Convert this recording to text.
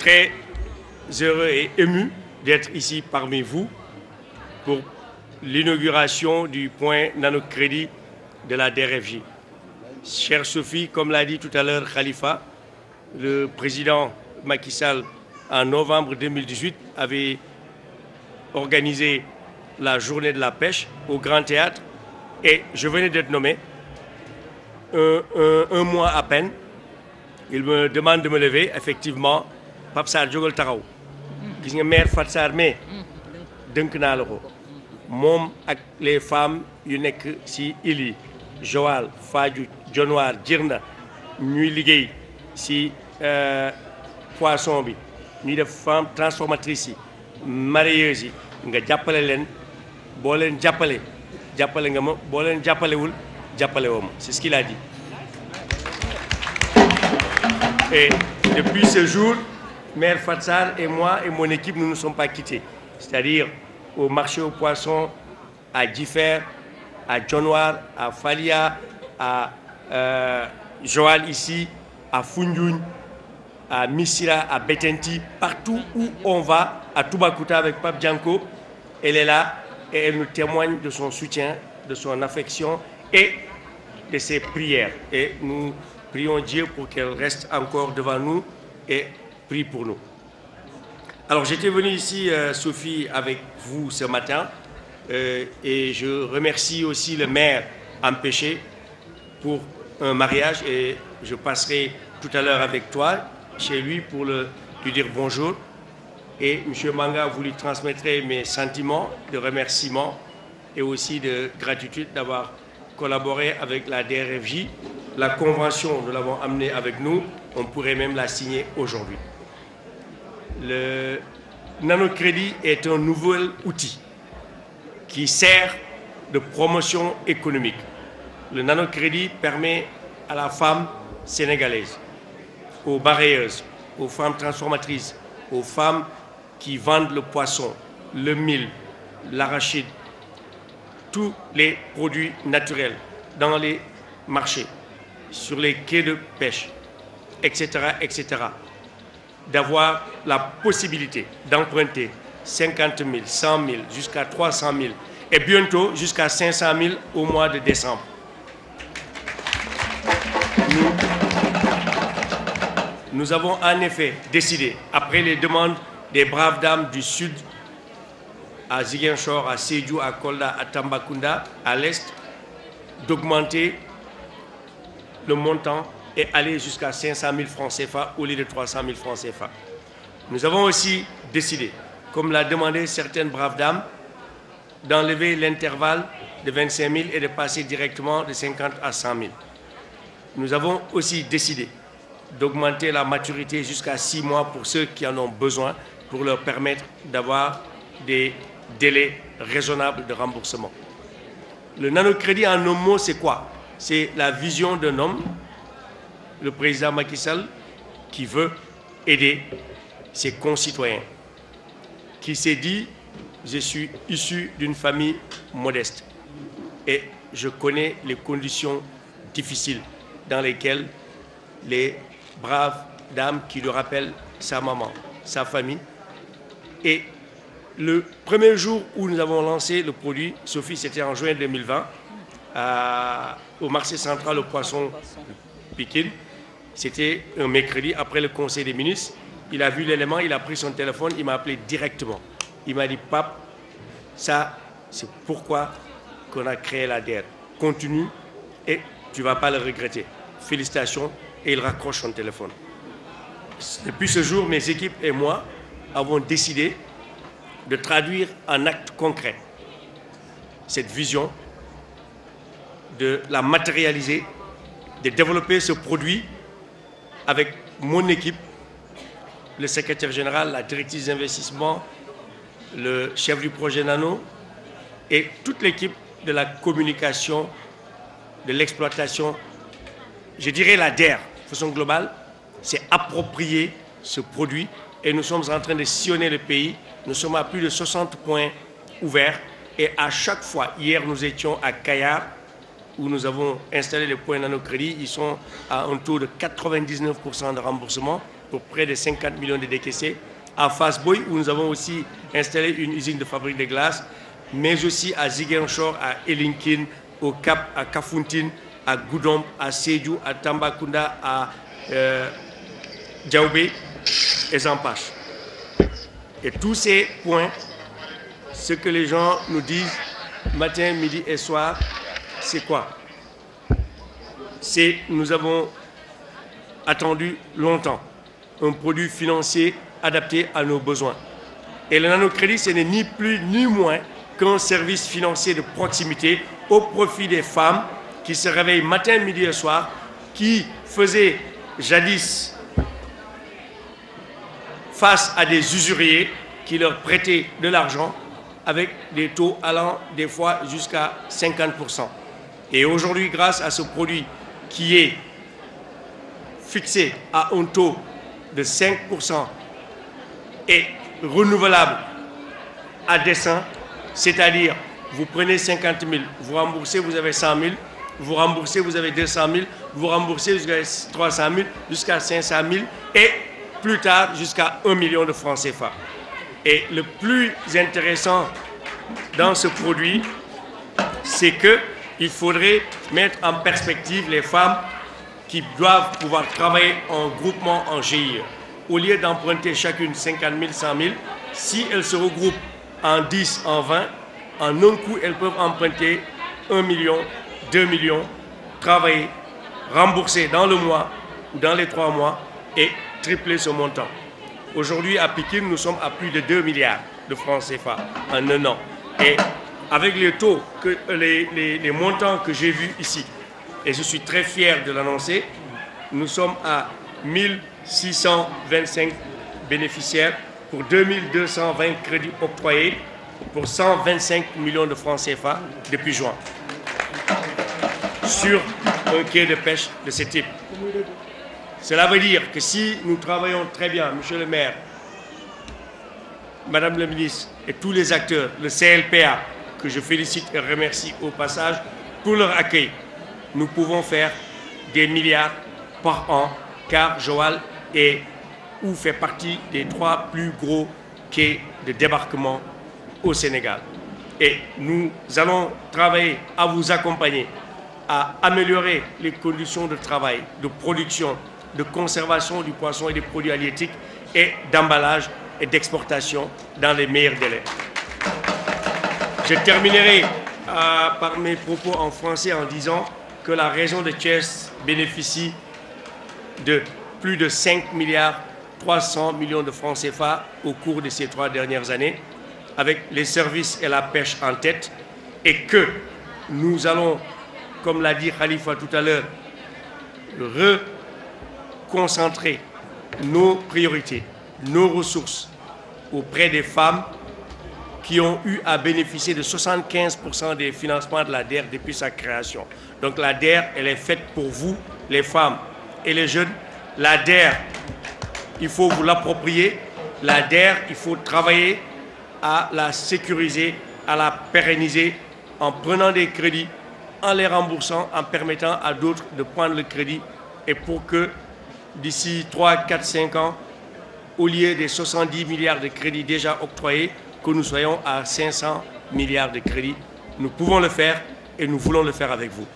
très heureux et ému d'être ici parmi vous pour l'inauguration du point nanocrédit de la DRFJ. Chère Sophie, comme l'a dit tout à l'heure Khalifa, le président Macky Sall, en novembre 2018, avait organisé la journée de la pêche au Grand Théâtre et je venais d'être nommé. Un, un mois à peine, il me demande de me lever, effectivement, Pape Sarr jógal taxaw gis nga maire Fat Sarr mais deunk naa la ko ak les femmes yu nek si ili Joal Fadjou Dionewar Jirna ñuy liggéey si euh, poisson bi ñuy def femme transformatrice yi mareyeuses yi nga jappalé len bo len jappalé jappalé nga ma bo len jappalé wul jappalé wam c'est ce qu'il a dit et depuis ce jour Mère Fatsal et moi et mon équipe, nous ne nous sommes pas quittés. C'est-à-dire au marché aux poissons, à Differ, à noir à Falia, à euh, Joal ici, à Fundjoun, à Missira, à Betenti, partout où on va, à Toubakuta avec Pape Djanko, elle est là et elle nous témoigne de son soutien, de son affection et de ses prières. Et nous prions Dieu pour qu'elle reste encore devant nous et prie pour nous. Alors j'étais venu ici, euh, Sophie, avec vous ce matin, euh, et je remercie aussi le maire empêché pour un mariage, et je passerai tout à l'heure avec toi chez lui pour le, lui dire bonjour. Et M. Manga, vous lui transmettrez mes sentiments de remerciement et aussi de gratitude d'avoir collaboré avec la DRFJ. La convention, nous l'avons amenée avec nous. On pourrait même la signer aujourd'hui. Le nanocrédit est un nouvel outil qui sert de promotion économique. Le nanocrédit permet à la femme sénégalaise, aux barrières, aux femmes transformatrices, aux femmes qui vendent le poisson, le mil, l'arachide, tous les produits naturels dans les marchés, sur les quais de pêche, etc., etc d'avoir la possibilité d'emprunter 50 000, 100 000, jusqu'à 300 000 et bientôt jusqu'à 500 000 au mois de décembre. Nous, avons en effet décidé, après les demandes des braves dames du Sud, à Ziguinchor, à Sejou, à Kolda, à Tambacounda, à l'Est, d'augmenter le montant et aller jusqu'à 500 000 francs CFA au lieu de 300 000 francs CFA. Nous avons aussi décidé, comme l'a demandé certaines braves dames, d'enlever l'intervalle de 25 000 et de passer directement de 50 à 100 000. Nous avons aussi décidé d'augmenter la maturité jusqu'à 6 mois pour ceux qui en ont besoin pour leur permettre d'avoir des délais raisonnables de remboursement. Le nanocrédit en un mot, c'est quoi C'est la vision d'un homme le président Macky Sall qui veut aider ses concitoyens, qui s'est dit je suis issu d'une famille modeste et je connais les conditions difficiles dans lesquelles les braves dames qui le rappellent sa maman, sa famille. Et le premier jour où nous avons lancé le produit, Sophie, c'était en juin 2020, au marché central au poisson Pékin. C'était un mercredi après le conseil des ministres. Il a vu l'élément, il a pris son téléphone, il m'a appelé directement. Il m'a dit Pape, ça, c'est pourquoi qu'on a créé la dette. Continue et tu ne vas pas le regretter. Félicitations. Et il raccroche son téléphone. Depuis ce jour, mes équipes et moi avons décidé de traduire en acte concret cette vision, de la matérialiser, de développer ce produit avec mon équipe, le secrétaire général, la directrice d'investissement, le chef du projet Nano et toute l'équipe de la communication, de l'exploitation, je dirais la DER, de façon globale, c'est approprier ce produit et nous sommes en train de sillonner le pays. Nous sommes à plus de 60 points ouverts et à chaque fois, hier nous étions à Kayar, où nous avons installé les points nanocrédits. ils sont à un taux de 99% de remboursement pour près de 50 millions de décaissés. À Fasboy, où nous avons aussi installé une usine de fabrique de glace, mais aussi à Ziguinchor, à Elinkin, au Cap, à Kafuntin, à Goudom, à Sejou, à Tambakunda, à euh, Djaoubé et Zampache. Et tous ces points, ce que les gens nous disent matin, midi et soir, c'est quoi C'est nous avons attendu longtemps un produit financier adapté à nos besoins. Et le nanocrédit, ce n'est ni plus ni moins qu'un service financier de proximité au profit des femmes qui se réveillent matin, midi et soir, qui faisaient jadis face à des usuriers qui leur prêtaient de l'argent avec des taux allant des fois jusqu'à 50%. Et aujourd'hui, grâce à ce produit qui est fixé à un taux de 5% et renouvelable à dessein, c'est-à-dire vous prenez 50 000, vous remboursez, vous avez 100 000, vous remboursez, vous avez 200 000, vous remboursez jusqu'à 300 000, jusqu'à 500 000 et plus tard jusqu'à 1 million de francs CFA. Et le plus intéressant dans ce produit, c'est que il faudrait mettre en perspective les femmes qui doivent pouvoir travailler en groupement en GIE. Au lieu d'emprunter chacune 50 000, 100 000, si elles se regroupent en 10, en 20, en un coup, elles peuvent emprunter 1 million, 2 millions, travailler, rembourser dans le mois ou dans les trois mois et tripler ce montant. Aujourd'hui, à Pékin, nous sommes à plus de 2 milliards de francs CFA en un an avec les taux, les, montants que j'ai vus ici, et je suis très fier de l'annoncer, nous sommes à 1625 bénéficiaires pour 2220 crédits octroyés pour 125 millions de francs CFA depuis juin sur un quai de pêche de ce type. Cela veut dire que si nous travaillons très bien, Monsieur le maire, Madame la ministre et tous les acteurs, le CLPA, que je félicite et remercie au passage pour leur accueil. Nous pouvons faire des milliards par an, car Joal est ou fait partie des trois plus gros quais de débarquement au Sénégal. Et nous allons travailler à vous accompagner, à améliorer les conditions de travail, de production, de conservation du poisson et des produits halieutiques et d'emballage et d'exportation dans les meilleurs délais. Je terminerai euh, par mes propos en français en disant que la région de Thiès bénéficie de plus de 5 milliards 300 millions de francs CFA au cours de ces trois dernières années, avec les services et la pêche en tête, et que nous allons, comme l'a dit Khalifa tout à l'heure, reconcentrer nos priorités, nos ressources auprès des femmes qui ont eu à bénéficier de 75% des financements de la DER depuis sa création. Donc la DER, elle est faite pour vous, les femmes et les jeunes. La DER, il faut vous l'approprier. La DER, il faut travailler à la sécuriser, à la pérenniser en prenant des crédits, en les remboursant, en permettant à d'autres de prendre le crédit et pour que d'ici 3, 4, 5 ans, au lieu des 70 milliards de crédits déjà octroyés, que nous soyons à 500 milliards de crédits. Nous pouvons le faire et nous voulons le faire avec vous.